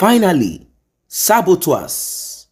Finally, saboteurs,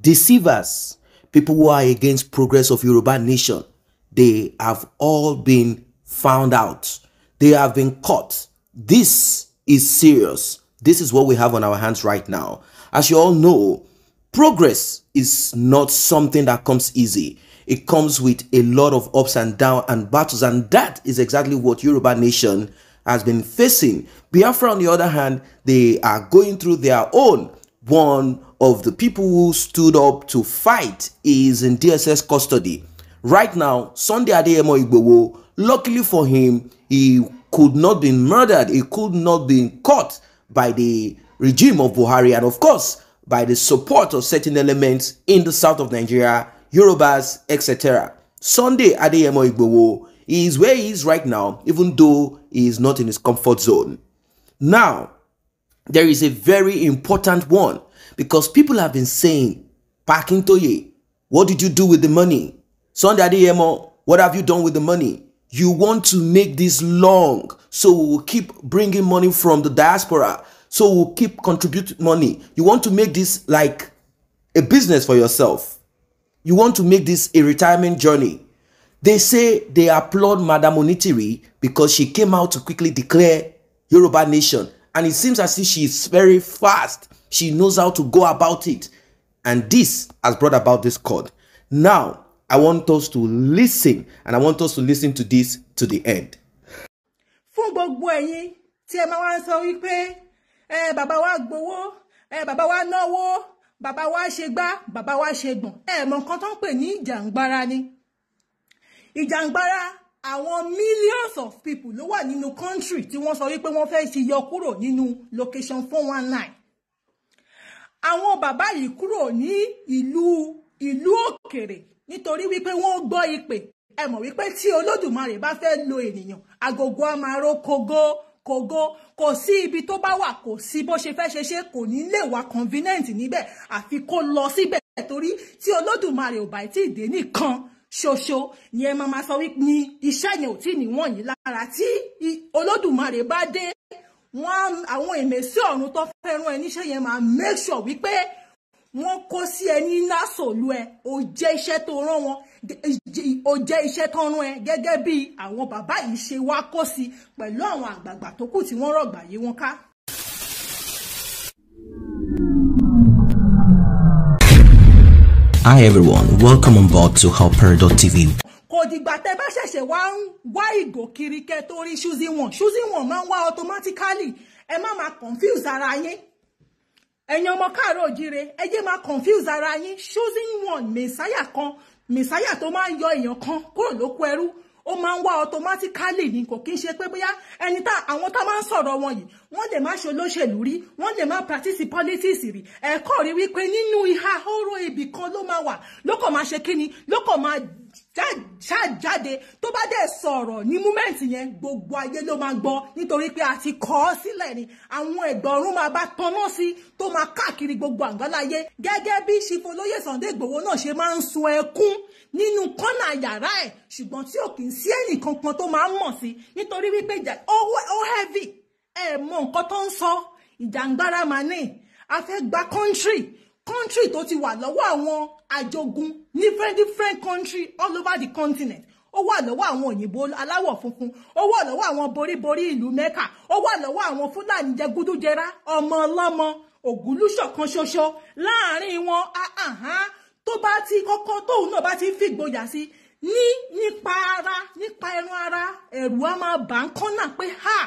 deceivers, people who are against progress of Yoruba nation, they have all been found out. They have been caught. This is serious. This is what we have on our hands right now. As you all know, progress is not something that comes easy. It comes with a lot of ups and downs and battles, and that is exactly what Yoruba nation has been facing. Biafra, on the other hand, they are going through their own. One of the people who stood up to fight is in DSS custody. Right now, Sunday Adeyemo Igbowo, luckily for him, he could not be murdered. He could not be caught by the regime of Buhari and, of course, by the support of certain elements in the south of Nigeria, Yorubas, etc. Sunday Adeyemo Igbowo He is where he is right now, even though he is not in his comfort zone. Now, there is a very important one because people have been saying, Parking Toye, what did you do with the money? Sunday Adeyemo, what have you done with the money? You want to make this long, so we will keep bringing money from the diaspora, so we'll keep contributing money. You want to make this like a business for yourself. You want to make this a retirement journey. They say they applaud Madam Onitiri because she came out to quickly declare Yoruba nation. And it seems as if she is very fast. She knows how to go about it. And this has brought about this court. Now, I want us to listen and I want us to listen to this to the end. Fún wa gbowó ẹ bàbá wa náwó bàbá wa ṣe gbá bàbá wa ṣe gbọ̀n ni ìjàngbara àwọn millions of people ló wà nínú country tí wọ́n sọ wípé wọ́n fẹ́ ti yọ kúrò nínú location four one nine àwọn bàbá yìí kúrò ní ìlú ìlú òkèrè nítorí wípé wọ́n gbọ́ ìpè ẹ mọ̀ wípé tí olódùmarè bá fẹ́ lo ènìyàn agogo a máa ró kogo kogo kò sí ibi tó bá wà kò sí bó ṣe fẹ́ ṣe ṣe kò ní lè wà convenient níbẹ̀ àfi kó lọ síbẹ̀ torí tí olódùmarè ò bá tí ì dé nìkan ṣoṣo ni ẹ máa ma sọ wípé ni iṣẹ́ yẹn ò tí ì níwọ̀n yìí lára tí olódùmarè bá dé wọn àwọn èmẹ̀sí ọ̀run tó fẹ́ ẹ níṣẹ́ yẹn máa make sure wípé wọ́n kó sí ẹ ní násòlú ẹ ò jẹ́ iṣẹ́ tó rán wọn ò jẹ́ iṣẹ́ tó rán ẹ gẹ́gẹ́ bí àwọn bàbá yìí ṣe wá kó sí pẹ̀lú àwọn àgbààgbà tó kù tí wọ́n rọ̀gbà yí wọn ká. Hi everyone, welcome on board to Hopper.tv. kò dìgbà tẹ bá ṣẹ̀ṣẹ̀ wá ń wá ìgò kiri kẹ torí ṣúzí wọn ṣúzí wọn máa ń wá automatically ẹ má máa confuse ara yín ẹ̀yin ọmọ káàárọ̀ òjíire ẹ jẹ́ máa confuse ara yín ṣúzí wọn mẹ̀sáyà kan mẹ̀sáyà tó máa ń yọ èèyàn kan kúrò lóko ẹrú ó máa ń wá automatically ní kò kí n ṣe pé bóyá ẹni tá àwọn tá máa ń sọ̀rọ̀ wọn yìí wọ́n lè má ṣe olóṣèlú rí wọ́n lè má practice politics rí ẹ̀kọ́ rí wípé nínú ìhà oró ibì kan ló máa wà lókọ̀ máa ṣe kíni lókọ̀ máa jáde tó bá dẹ̀ sọ̀rọ̀ ní múmẹ́ǹtì yẹn gbogbo ayé ló máa gbọ́ nítorí pé a ti kọ́ ọ sílẹ̀ ni àwọn ẹ̀gbọ́nrún máa bá tọ́nà sí tó máa káàkiri gbogbo àgbáláyé gẹ́gẹ́ bí ṣifolóyè Sunday Igboho náà ṣe máa ń sun ẹkún nínú kọ́nà yàrá ẹ̀ ṣùgbọ́n tí ò kì í sí ẹnì kankan tó máa ń mọ̀ sí nítorí wípé ó heavy ẹ̀ mọ nǹkan tó ń sọ ìjàngbára màní a fẹ́ gba country country tó ti wà lọ́wọ́ àwọn àjogún different different country all over the continent ó wà lọ́wọ́ àwọn òyìnbó aláwọ̀ funfun ó wà lọ́wọ́ àwọn boríborí ìlú mẹ́kà ó wà lọ́wọ́ àwọn fúlàní jẹgúdújẹrá ọmọ ọlọ́mọ ògúnlúṣọ̀ kan ṣoṣo láàrin wọn tó bá ti kọ́kọ́ tóun náà bá ti fìgboyà sí ní nípa ara nípa ẹran ara ẹ̀rù á máa bà ń kọ́nà pé ha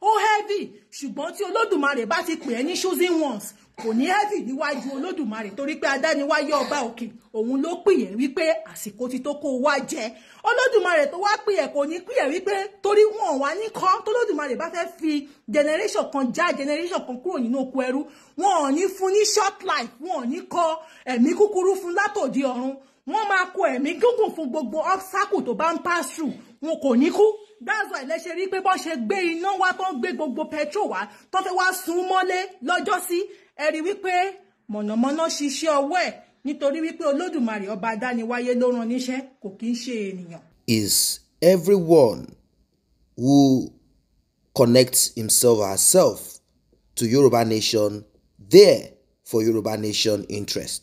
ó heavy ṣùgbọ́n tí olódùmarè bá ti pè é ní choosing ones kò ní heavy níwájú olódùmarè torí pé adániwáyé ọba òkè òun ló pìyẹ̀ wípé àsìkò ti tó kó wá jẹ olódùmarè tó wá pìyẹ̀ kò ní pìyẹ̀ wípé torí wọn wá ní kọ́ tólódùmarè bá fẹ́ fi generation kan já generation kan kúrò nínú oko ẹrú wọn ò ní fún ní short life wọn ò ní kọ ẹ̀mí kúkúrú fún látòdì ọ̀run wọn máa kọ ẹ̀mí gígùn fún gbogbo obstacle tó bá ń pass through wọn kò ní kú that's why lẹ ṣe rí pé bọ́n ṣe gbé iná wá tó ń gbé gbogbo petrol wá tó fẹ́ wá sun mọ́lé lọ́jọ́ sí ẹ wípé mọ̀nàmọ́ná ṣiṣẹ́ ọwọ́ ẹ̀ nítorí wípé olódùmarè ọba adániwáyé ló rán níṣẹ́ kò kí ń ṣe ènìyàn. is everyone who connects himself or herself to Yoruba Nation there for Yoruba Nation interest?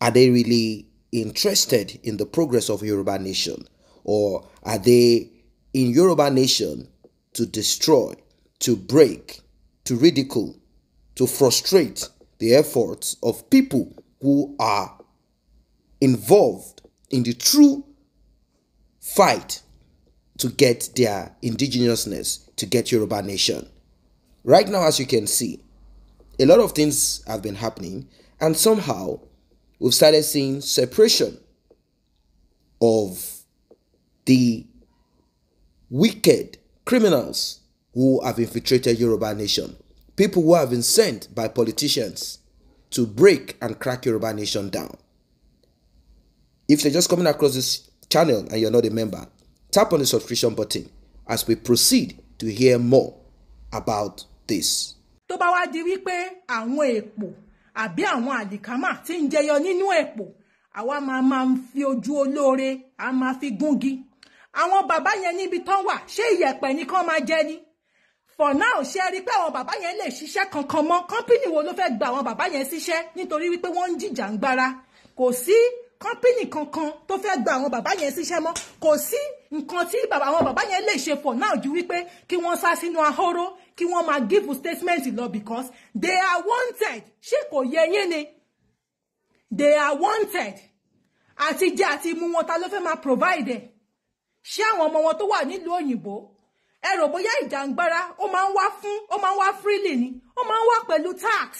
Are they really interested in the progress of Yoruba Nation or are they in Yoruba Nation to destroy, to break, to ridicule, to frustrate the efforts of people who are involved in the true fight to get their indigenousness, to get Yoruba nation. Right now, as you can see, a lot of things have been happening, and somehow we've started seeing separation of the wicked criminals who have infiltrated Yoruba nation. people who have been sent by politicians to break and crack Yoruba nation down. If you're just coming across this channel and you're not a member, tap on the subscription button as we proceed to hear more about this. tó bá wá di wípé àwọn èèpo àbí àwọn àlìkámà tí ń jẹyọ nínú èèpo àwa máa máa ń fi ojú olóore a máa fi gúngi àwọn bàbá yẹn níbi tán wà ṣé ìyẹ̀pẹ̀ nìkan máa jẹ ni for now ṣe rí i pé àwọn bàbá yẹn lè ṣiṣẹ́ kankan mọ́ kọ́ńpínì wo ló fẹ́ gba àwọn bàbá yẹn síṣẹ́ nítorí wípé wọ́n ń jìjàǹgbara kò sí kọ́ńpínì kankan tó fẹ́ gba àwọn bàbá yẹn síṣẹ́ mọ́ kò sí nǹkan tí àwọn bàbá yẹn lè ṣe for now ju wípé kí wọ́n sá sínú ahóró kí wọ́n máa give statement lọ because they are wanted ṣé kò yẹ yín ni they are wanted àti jẹ àti mú wọn ta ló fẹ́ máa provide ẹ̀ ṣé àwọn ọmọ wọn tó wà nílùú òyìnbó ẹ rò bóyá ìjàngbara ó máa ń wá fún ó máa ń wá freely ni ó máa ń wá pẹ̀lú tax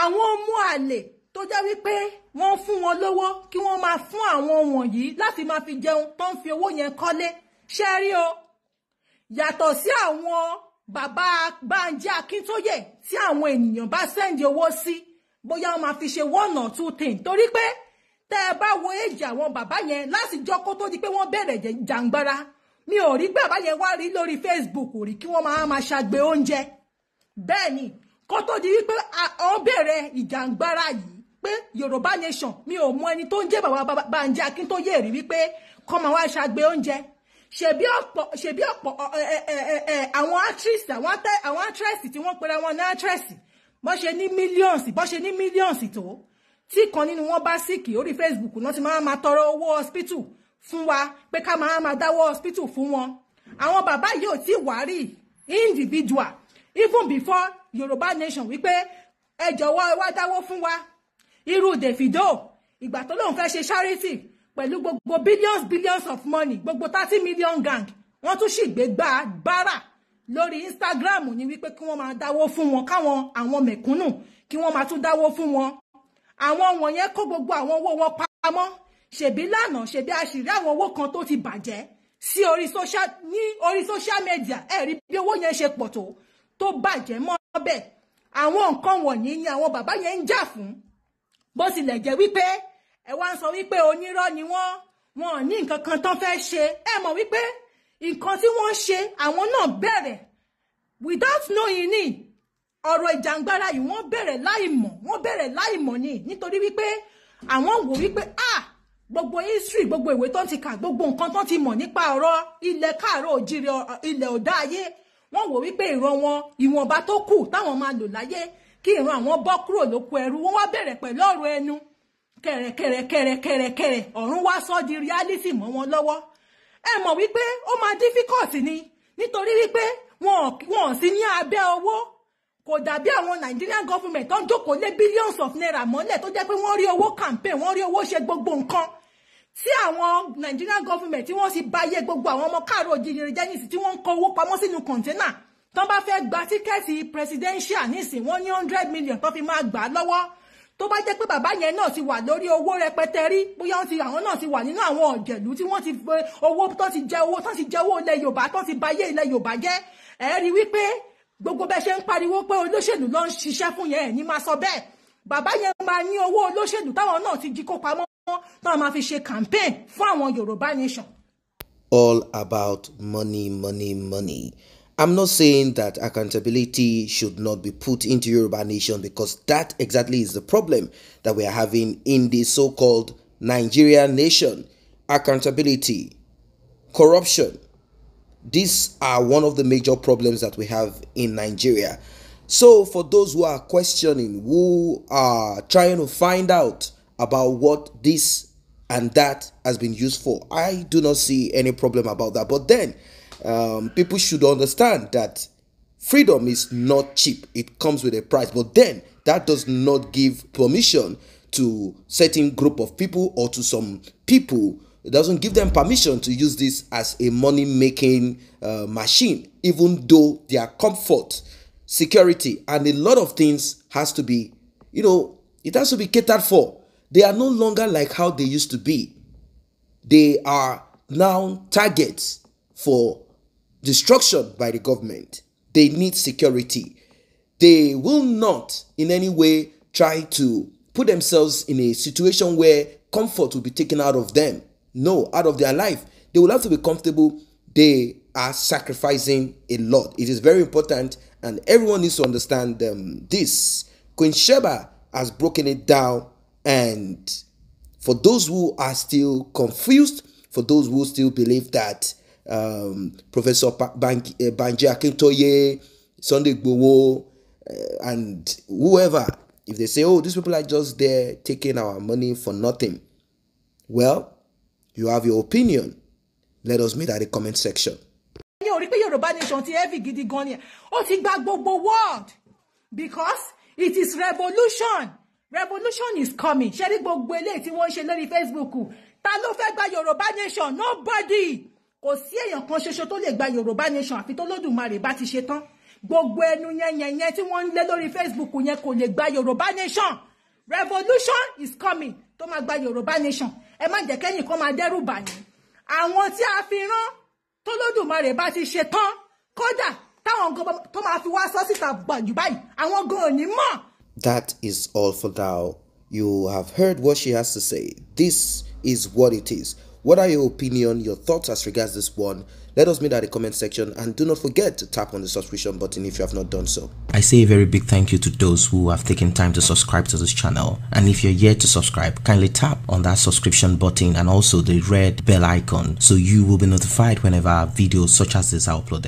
àwọn ọmọ àlè tó jẹ́ wípé wọ́n fún wọn lówó kí wọ́n máa fún àwọn wọ̀nyí láti máa fi jẹun tó ń fi owó yẹn kọ́lé ṣe rí o yàtọ̀ sí àwọn bàbá Bánjí Akíntóyè tí àwọn ènìyàn bá sẹ́ndì owó sí bóyá wọ́n máa fi ṣe one or two things torí pé tẹ́ ẹ bá wo èjì àwọn bàbá yẹn láti jọ́ kó tó di pé wọ́n bẹ̀rẹ̀ jàǹgbára mi ò rí gbà báyẹn wá rí lórí Facebook rí kí wọ́n máa máa ṣàgbé oúnjẹ bẹ́ẹ̀ ni kó tó di wípé ó bẹ̀rẹ̀ ìjàngbara yìí pé Yorùbá nation mi ò mọ ẹni tó ń jẹ́ bàbá Bánjí Akíntóyè rí wípé kó máa wá ṣàgbé oúnjẹ ṣebí ọ̀pọ̀ ṣebí ọ̀pọ̀ àwọn actress àwọn actress tí wọ́n pera wọn ní actress bọ́n ṣe ní millions bọ́n ṣe ní millions tó tí kan nínú wọn bá síkì orí Facebook náà ti máa ma tọrọ owó hospital fún wa pé ká máa máa dáwọ́ hospital fún wọn àwọn bàbá yìí ò tí ì wárí individual even before Yorùbá nation wípé ẹ jọ̀wọ́ ẹ wá dáwọ́ fún wa irú Davido ìgbà tó lóun fẹ́ ṣe charity pẹ̀lú gbogbo billions billions of money gbogbo thirty million gang wọ́n tún sì gbé gbà bára lórí Instagram ní wípé kí wọ́n máa dáwó fún wọn káwọn àwọn mẹ̀kúnnù kí wọ́n máa tún dáwó fún wọn àwọn wọ̀nyẹn kó gbogbo àwọn owó wọn pamọ́ ṣèbí lánàá ṣèbí àṣírí àwọn owó kan tó ti bàjẹ́ sí orí social ní orí social media ẹ rí bí owó yẹn ṣe pọ̀ tó tó bàjẹ́ mọ́ bẹ́ẹ̀ àwọn nǹkan wọ̀nyí ni àwọn bàbá yẹn ń jà fún bó tilẹ̀ jẹ́ wípé ẹ wá ń sọ wípé onírọ́ ni wọ́n wọn ò ní nǹkan kan tán fẹ́ ṣe ẹ mọ̀ wípé nǹkan tí wọ́n ṣe àwọn náà bẹ̀rẹ̀ without knowing ni ọ̀rọ̀ ìjàngbara yìí wọ́n bẹ̀rẹ̀ láì mọ̀ wọ́n bẹ̀rẹ̀ láì mọ̀ ni nítorí wípé àwọn wò wípé a ah, gbogbo history gbogbo ìwé tó ń ti kà gbogbo nǹkan tó ń ti mọ̀ nípa ọ̀rọ̀ ilẹ̀ káàárọ̀ òjìrì ilẹ̀ ọ̀dá ayé wọ́n wò wípé ìran wọn ìwọ̀nba tó kù táwọn máa lò láyé kí ìran àwọn bọ́ kúrò lóko ẹrú wọ́n wá bẹ̀rẹ̀ pẹ̀lú ọ̀rọ̀ ẹnu kẹ̀rẹ̀kẹ̀rẹ̀kẹ̀rẹ̀kẹ̀rẹ̀ ọ̀run wá sọ di reality mọ́ wọn lọ́wọ́ ẹ mọ̀ wípé ó máa difficult ni nítorí wípé wọn ò sí ní abẹ́ owó kò dàbí àwọn Nigerian government tó ń jókòó lé billions of naira mọ́lẹ̀ tó jẹ́ pé wọ́n rí owó campaign wọ́n rí owó ṣe gbogbo nǹkan tí àwọn Nigerian government tí wọ́n sì báyé gbogbo àwọn ọmọ káàró òjìrì jẹ́nìsì tí wọ́n ń kó owó pamọ́ sínú kọ̀ńténà tó bá fẹ́ gba tíkẹ́ẹ̀tì presidential nísìn wọ́n ní hundred million tó fi máa gbà á lọ́wọ́ tó bá jẹ́ pé bàbá yẹn náà ti wà lórí owó rẹpẹtẹ rí bóyá wọ́n ti àwọn náà ti wà nínú àwọn ọ̀jẹ̀lú tí wọ́n ti owó tó ti jẹ owó tó ti jẹ owó ilẹ̀ Yorùbá tó ti báyé ilẹ̀ Yorùbá jẹ́ ẹ̀ẹ́rí wípé gbogbo bẹ́ẹ̀ ṣe ń pariwo pé olóṣèlú ló ń ṣiṣẹ́ fún yẹn ẹ̀ ní máa sọ bẹ́ẹ̀ bàbá yẹn ní owó olóṣèlú táwọn ti jí kó pamọ́ fi ṣe campaign fún àwọn Yorùbá nation. All about money, money, money. I'm not saying that accountability should not be put into Yoruba nation because that exactly is the problem that we are having in the so called Nigerian nation. Accountability, corruption. These are one of the major problems that we have in Nigeria. So, for those who are questioning, who are trying to find out about what this and that has been used for, I do not see any problem about that. But then, um, people should understand that freedom is not cheap, it comes with a price. But then, that does not give permission to certain group of people or to some people it doesn't give them permission to use this as a money making uh, machine even though their comfort security, and a lot of things has to be, you know, it has to be catered for. They are no longer like how they used to be. They are now targets for destruction by the government. They need security. They will not in any way try to put themselves in a situation where comfort will be taken out of them. No, out of their life. They will have to be comfortable. They are sacrificing a lot. It is very important and everyone needs to understand um, this. Queen Sheba has broken it down, and for those who are still confused, for those who still believe that um, Professor Ban- eh, Banji Akintoye, Sunday Gbowo, uh, eh, and whoever, if they say, oh, these people are just there taking our money for nothing, well, you have your opinion. Let us meet at the comment section ẹ̀yin ò rí pé yorùbá nation ti heavy gidi gan ni ó ti gba gbogbo world because it is revolution revolution is coming ṣé rí gbogbo eléyìí tí wọ́n ń ṣe lórí facebook ta ló fẹ́ gba yorùbá nation nobody kò sí èèyàn kan ṣoṣo tó lè gba yorùbá nation àfi tó lódùmarè bá ti ṣe tán gbogbo ẹnu yẹn yẹn yẹn tí wọ́n ń lé lórí facebook yẹn kò lè gba yorùbá nation revolution is coming tó máa gba yorùbá nation ẹ má jẹ́ kẹ́yìn kan máa dẹ́rù bà yín àwọn tí a fi rán tọ́lọ́dùmarè bá ti ṣe tán kódà táwọn gan tó máa fi wá sọ síta gbàjù báyìí àwọn gan ò ní mọ̀. That is all for now. You have heard what she has to say. This is what it is. What are your opinion, your thoughts as regards this one? Let us meet at the comment section and do not forget to tap on the subscription button if you have not done so. I say a very big thank you to those who have taken time to subscribe to this channel and if you're yet to subscribe, kindly tap on that subscription button and also the red bell icon so you will be notified whenever videos such as this are uploaded.